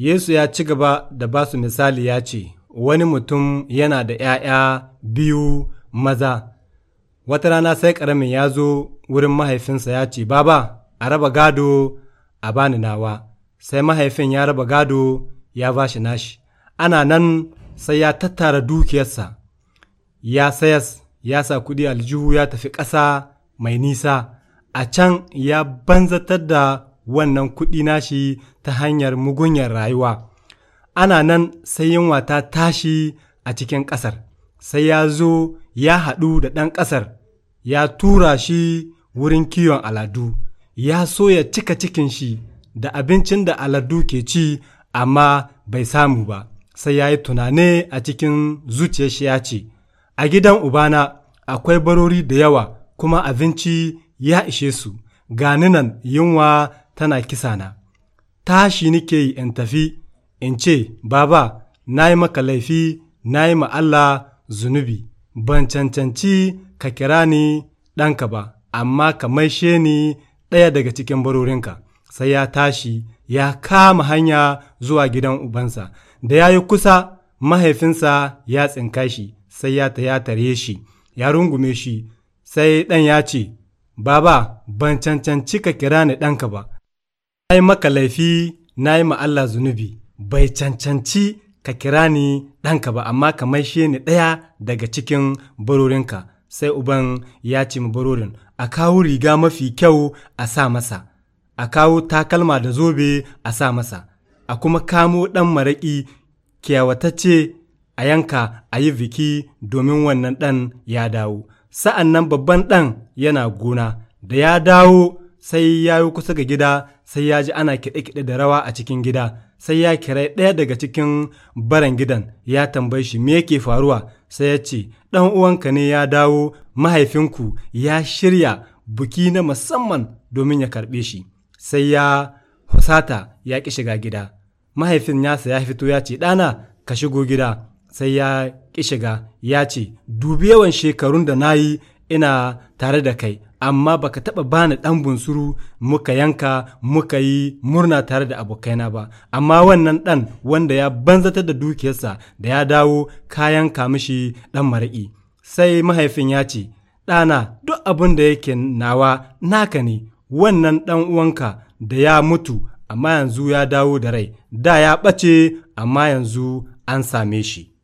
Yesu ya ci gaba da ba su misali ya ce, Wani mutum yana da ’ya'ya biyu maza, wata rana sai ƙaramin ya zo wurin mahaifinsa ya ce, Baba, a raba gado a bani nawa, sai mahaifin ya raba gado ya ba shi nashi, ana nan sai ya tattara dukiyarsa, ya sayas, ya sa kuɗi aljihu ya tafi ƙasa mai nisa, a can ya banzatar da wannan kuɗi nashi ta hanyar mugunyar rayuwa. Ana nan sai yunwa ta tashi a cikin ƙasar, sai ya zo ya haɗu da ɗan ƙasar, ya tura shi wurin kiwon aladu, ya so ya cika cikin shi da abincin da aladu ke ci amma bai samu ba, sai ya yi tunane a cikin zuciyar shi ya ce, A gidan Ubana akwai barori da yawa kuma abinci ya ishe su, ganinan yunwa tana kisa na. Tashi nike yi in tafi, in ce, Baba, na yi maka laifi, na yi Allah zunubi, ban cancanci ka kira ni ɗanka ba, amma ka maishe ni ɗaya daga cikin barorinka. Sai ya tashi, ya kama hanya zuwa gidan ubansa, da ya yi kusa mahaifinsa ya tsinka shi, sai ya ta ya tare shi, ya rungume shi, sai ɗan ya ce, Baba, ban cancanci ka kira ni ɗanka ba, na yi maka laifi na yi Allah zunubi bai cancanci ka kira ni ɗanka ba amma ka maishe ni ɗaya daga cikin barorinka sai uban ya ce mu barorin a kawo riga mafi kyau a sa masa a kawo takalma da zobe a sa masa a kuma kamo ɗan maraƙi kyawatacce a yanka a yi biki domin wannan ɗan ya dawo sa'an nan babban ɗan yana gona da ya dawo sai ya yi kusa ga gida sai ya ji ana kiɗe-kiɗe da rawa a cikin gida sai ya kira ɗaya daga cikin baran gidan ya tambaye shi me yake faruwa sai ya ce ɗan uwanka ne ya dawo mahaifinku ya shirya buki na musamman domin ya karɓe shi sai ya husata ya ƙi shiga gida mahaifin yasa ya fito ya ce ɗana ka shigo gida sai ya ƙi shiga ya ce dubi yawan shekarun da na yi ina tare da kai amma baka taɓa bani dan bunsuru muka yanka muka yi murna tare da abokaina ba amma wannan dan wanda ya banzata da dukiyarsa da ya dawo kayan yanka mishi dan mar'i sai mahaifin ya ce ɗana duk abin da yake nawa naka ne wannan ɗan uwanka da ya mutu amma yanzu ya dawo da rai da ya ɓace amma yanzu an same shi